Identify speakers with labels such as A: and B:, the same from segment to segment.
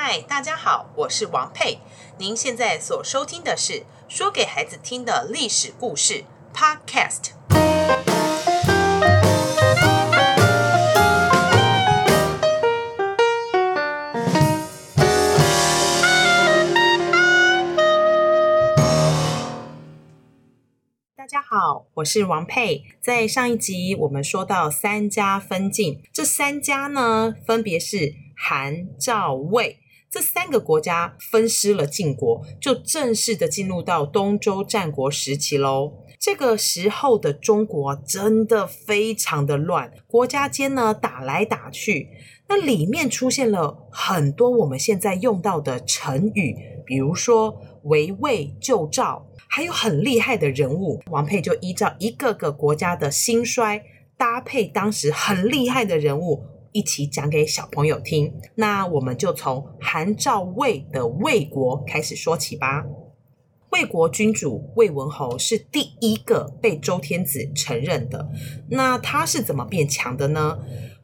A: 嗨，Hi，大家好，我是王佩。您現在所收聽的是《說給孩子聽的歷史故事》Podcast。大家好，我是王佩。在上一集，我們說到三家分晉，這三家呢，分別是韓、趙、魏。這三個國家分屍了晉國，就正式的進入到東周戰國時期嘍。這個時候的中國真的非常的亂，國家間呢打來打去，那裡面出現了很多我們現在用到的成語，比如說圍魏救趙，還有很厲害的人物。王佩就依照一個個國家的興衰，搭配當時很厲害的人物。一起講給小朋友聽。那我們就從韓趙魏的魏國開始說起吧。魏國君主魏文侯是第一個被周天子承認的。那他是怎麼變強的呢？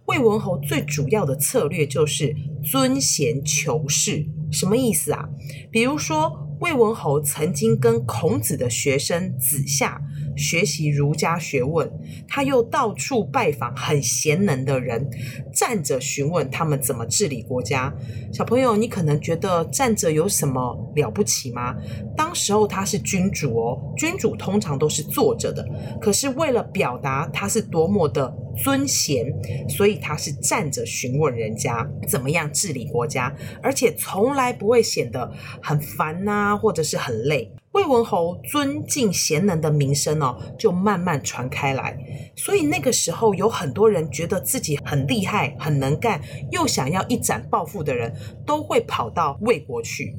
A: 魏文侯最主要的策略就是尊賢求士，什麼意思啊？比如說，魏文侯曾經跟孔子的學生子夏。學習儒家學問，他又到處拜訪很賢能的人，站着詢問他們怎麼治理國家。小朋友，你可能覺得站着有什麼了不起嗎？當時候他是君主哦，君主通常都是坐着的，可是為了表達他是多麼的尊賢，所以他是站着詢問人家怎麼樣治理國家，而且從來不會顯得很煩吶啊，或者是很累。魏文侯尊敬賢能的名聲哦，就慢慢傳開來。所以那個時候有很多人覺得自己很厲害、很能幹，又想要一展抱負的人，都會跑到魏國去。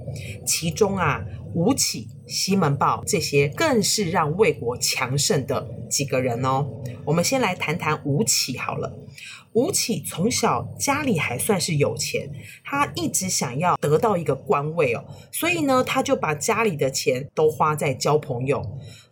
A: 其中啊，吳起、西門豹這些，更是讓魏國強盛的幾個人哦。我們先來談談吳起好了。吳起從小家裡還算是有錢，他一直想要得到一個官位哦，所以呢，他就把家裡的錢都花在交朋友。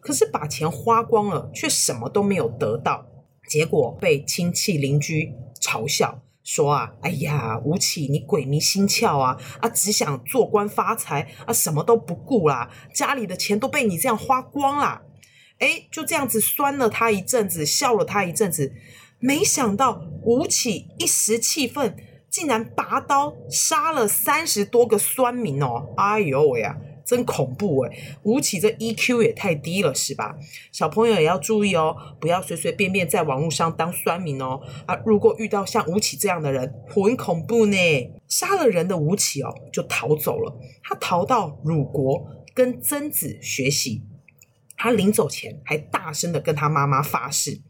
A: 可是把錢花光了，卻什麼都沒有得到，結果被親戚鄰居嘲笑，說啊，哎呀，吳起你鬼迷心竅啊，啊，只想做官發財啊，什麼都不顧啦，家裡的錢都被你這樣花光啦，哎，就這樣子酸了他一陣子，笑了他一陣子，沒想到吳起一時氣憤，竟然拔刀殺了三十多個酸民哦，哎呦喂呀、啊。真恐怖欸！吳起這 EQ 也太低了是吧？小朋友也要注意哦，不要隨隨便便在網路上當酸民哦。啊，如果遇到像吳起這樣的人，很恐怖呢。殺了人的吳起哦，就逃走了。他逃到魯國，跟曾子學習。他臨走前還大聲的跟他媽媽發誓：“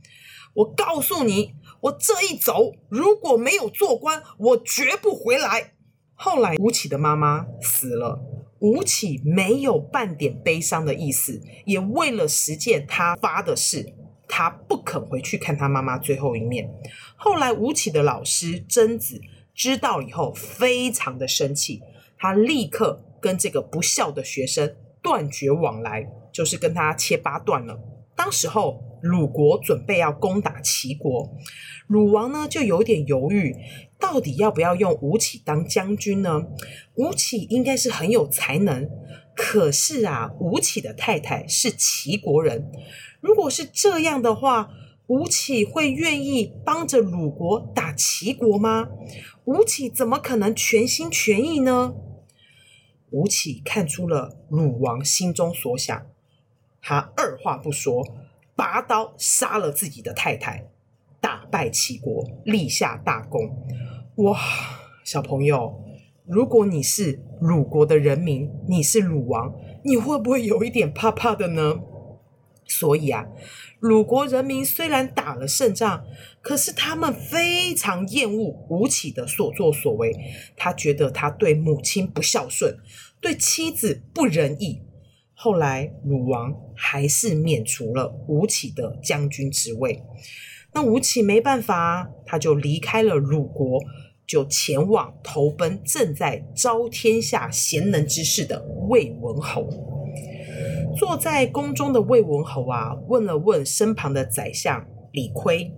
A: 我告訴你，我這一走，如果沒有做官，我絕不回來。”後來吳起的媽媽死了。吳起沒有半點悲傷的意思，也為了實踐他發的誓，他不肯回去看他媽媽最後一面。後來，吳起的老師曾子知道以後，非常的生氣，他立刻跟這個不孝的學生斷絕往來，就是跟他切八段了。當時候。魯國準備要攻打齊國，魯王呢就有點猶豫，到底要不要用吳起當將軍呢？吳起應該是很有才能，可是啊，吳起的太太是齊國人。如果是這樣的話，吳起會願意幫着魯國打齊國嗎？吳起怎麼可能全心全意呢？吳起看出了魯王心中所想，他二話不說。拔刀殺了自己的太太，打敗齊國，立下大功。哇，小朋友，如果你是魯國的人民，你是魯王，你會不會有一點怕怕的呢？所以啊，魯國人民雖然打了勝仗，可是他們非常厭惡吳起的所作所為。他覺得他對母親不孝順，對妻子不仁義。後來，魯王還是免除了吳起的將軍職位。那吳起沒辦法，他就離開了魯國，就前往投奔正在招天下賢能之士的魏文侯。坐在宮中的魏文侯啊，問了問身旁的宰相李悝。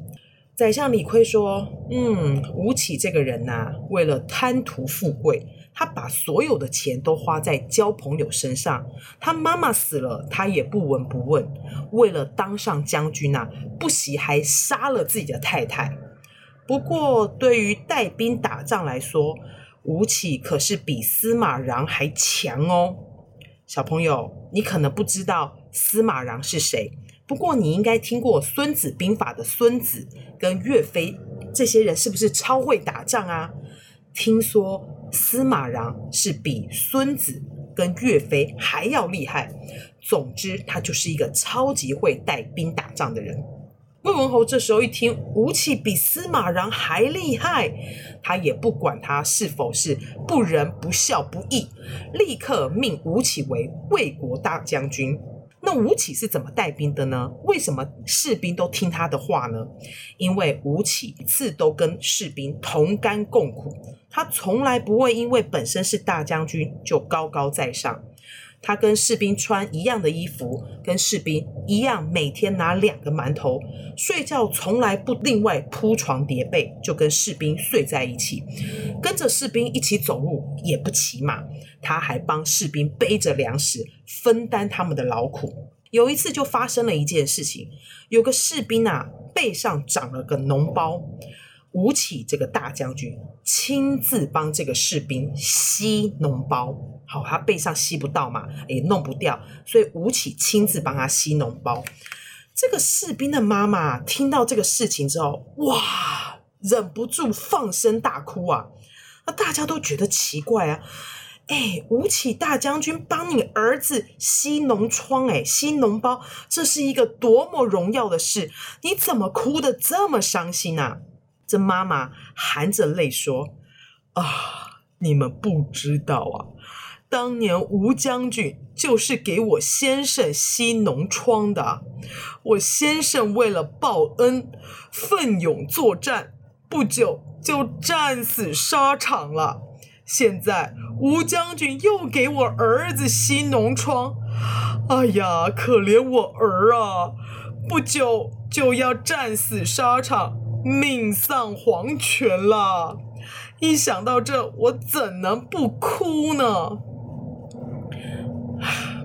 A: 宰相李悝說：“嗯，吳起這個人吶、啊，為了貪圖富貴。”他把所有的錢都花在交朋友身上。他媽媽死了，他也不聞不問。為了當上將軍呢、啊，不惜還殺了自己的太太。不過，對於帶兵打仗來說，吳起可是比司馬穰還強哦。小朋友，你可能不知道司馬穰是誰，不過你應該聽過《孫子兵法》的孫子跟岳飛這些人，是不是超會打仗啊？聽說。司馬穰是比孫子跟岳飛還要厲害。總之，他就是一個超級會帶兵打仗的人。魏文侯這時候一聽吳起比司馬穰還厲害，他也不管他是否是不仁不孝不義，立刻命吳起為魏國大將軍。那吳起是怎麼帶兵的呢？為什麼士兵都聽他的話呢？因為吳起一次都跟士兵同甘共苦，他從來不會因為本身是大將軍就高高在上。他跟士兵穿一樣的衣服，跟士兵一樣，每天拿兩個饅頭，睡覺從來不另外鋪床疊被，就跟士兵睡在一起，跟着士兵一起走路，也不騎馬，他還幫士兵背着糧食，分擔他們的勞苦。有一次就發生了一件事情，有個士兵啊，背上長了個膿包。吳起這個大將軍親自幫這個士兵吸膿包，好，哦，他背上吸不到嘛，也弄不掉，所以吳起親自幫他吸膿包。這個士兵的媽媽聽到這個事情之後，哇，忍不住放聲大哭啊！那大家都覺得奇怪啊，哎，吳起大將軍幫你兒子吸膿瘡，哎，吸膿包，這是一個多麼榮耀的事，你怎麼哭得這麼傷心啊？這媽媽含着淚說：“啊，你們不知道啊，當年吳將軍就是給我先生吸膿瘡的，我先生為了報恩，奮勇作戰，不久就戰死沙場了。現在吳將軍又給我兒子吸膿瘡，哎呀，可憐我兒啊，不久就要戰死沙場。”命喪黃泉了，一想到這，我怎能不哭呢？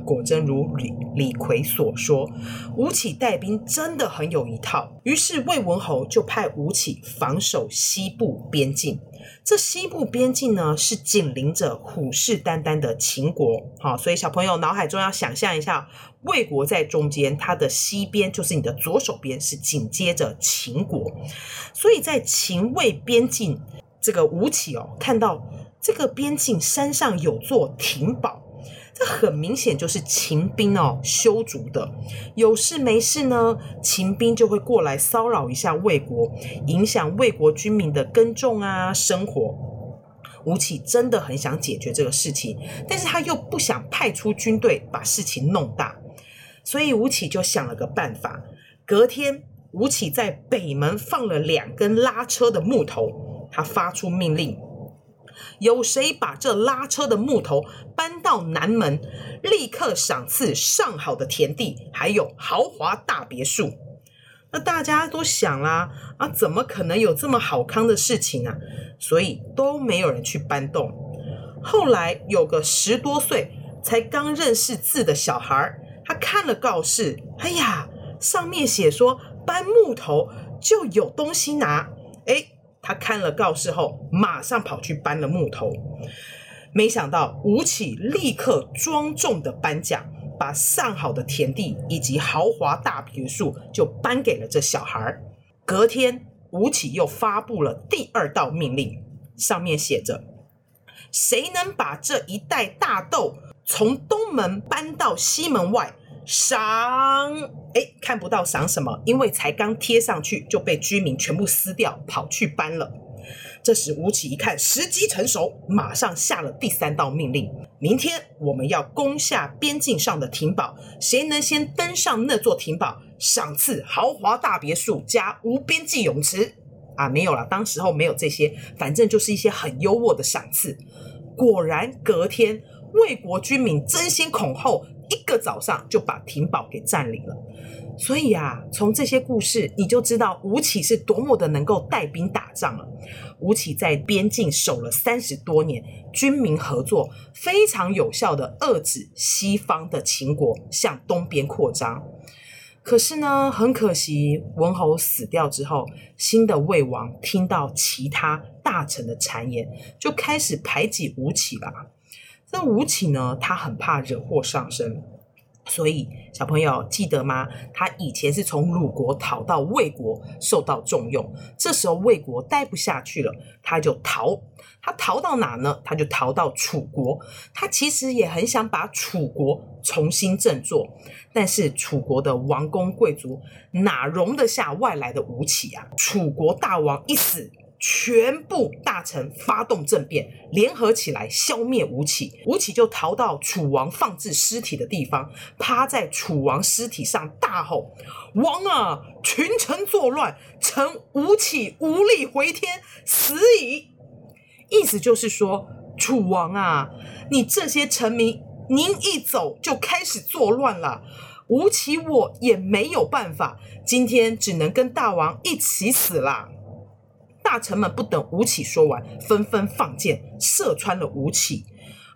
A: 果真如李李悝所說，吳起帶兵真的很有一套。於是魏文侯就派吳起防守西部邊境。這西部邊境呢，是緊鄰着虎視眈眈的秦國。好、哦，所以小朋友腦海中要想象一下，魏國在中間，它的西邊就是你的左手邊，是緊接着秦國。所以在秦魏邊境，這個吳起哦，看到這個邊境山上有座亭堡。那很明顯就是秦兵哦，修築的。有事沒事呢，秦兵就會過來騷擾一下魏國，影響魏國軍民的耕種啊、生活。吳起真的很想解決這個事情，但是他又不想派出軍隊把事情弄大，所以吳起就想了個辦法。隔天，吳起在北門放了兩根拉車的木頭，他發出命令。有誰把這拉車的木頭搬到南門，立刻賞賜上好的田地，還有豪華大別墅。那大家都想啦，啊，啊，怎麼可能有這麼好康的事情呢，啊？所以都沒有人去搬動。後來有個十多歲、才剛認識字的小孩兒，他看了告示，哎呀，上面寫說搬木頭就有東西拿，哎。他看了告示後，馬上跑去搬了木頭，沒想到吳起立刻莊重的頒獎，把上好的田地以及豪華大別墅就頒給了這小孩。隔天，吳起又發布了第二道命令，上面寫着：誰能把這一袋大豆從東門搬到西門外？賞哎，看不到賞什麼，因為才剛貼上去就被居民全部撕掉，跑去搬了。這時吳起一看時機成熟，馬上下了第三道命令：明天我們要攻下邊境上的亭堡，誰能先登上那座亭堡，賞賜豪華大別墅加無邊際泳池啊？沒有啦，當時候沒有這些，反正就是一些很優渥的賞賜。果然隔天，魏國居民爭先恐後。一個早上就把亭堡給佔領了，所以啊，從這些故事你就知道吳起是多麼的能夠帶兵打仗了。吳起在邊境守了三十多年，軍民合作非常有效的遏制西方的秦國向東邊擴張。可是呢，很可惜，文侯死掉之後，新的魏王聽到其他大臣的讒言，就開始排擠吳起了。這吳起呢，他很怕惹禍上身，所以小朋友記得嗎？他以前是從魯國逃到魏國，受到重用。這時候魏國待不下去了，他就逃。他逃到哪呢？他就逃到楚國。他其實也很想把楚國重新振作，但是楚國的王公貴族哪容得下外來的吳起啊？楚國大王一死，全部大臣發動政變，聯合起來消滅吳起。吳起就逃到楚王放置屍體的地方，趴在楚王屍體上大吼：“王啊，群臣作亂，臣吳起無力回天，死矣。”意思就是說，楚王啊，你這些臣民，您一走就開始作亂了。吳起我也沒有辦法，今天只能跟大王一起死了。大臣們不等吳起說完，紛紛放箭射穿了吳起，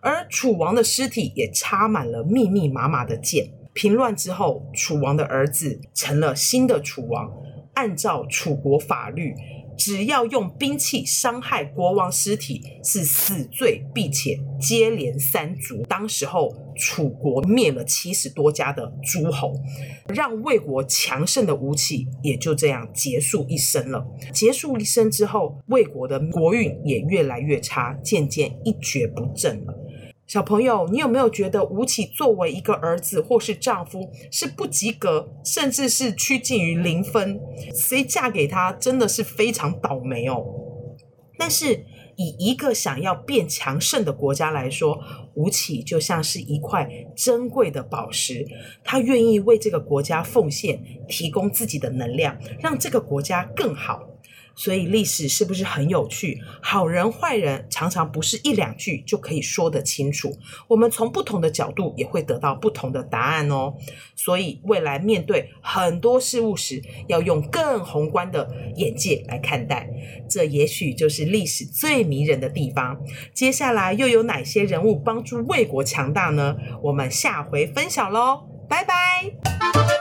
A: 而楚王的屍體也插滿了密密麻麻的箭。平亂之後，楚王的兒子成了新的楚王，按照楚國法律。只要用兵器傷害國王屍體是死罪，並且接連三族。當時候，楚國滅了七十多家的諸侯，讓魏國強盛的吳起也就這樣結束一生了。結束一生之後，魏國的國運也越來越差，漸漸一蹶不振了。小朋友，你有沒有覺得吳起作為一個兒子或是丈夫是不及格，甚至是趨近於零分？所以嫁給他真的是非常倒霉哦。但是以一個想要變強盛的國家來說，吳起就像是一塊珍貴的寶石，他願意為這個國家奉獻，提供自己的能量，讓這個國家更好。所以歷史是不是很有趣？好人壞人常常不是一兩句就可以說得清楚，我們從不同的角度也會得到不同的答案哦。所以未來面對很多事物時，要用更宏觀的眼界來看待，這也許就是歷史最迷人的地方。接下來又有哪些人物幫助魏國強大呢？我們下回分享嘍，拜拜。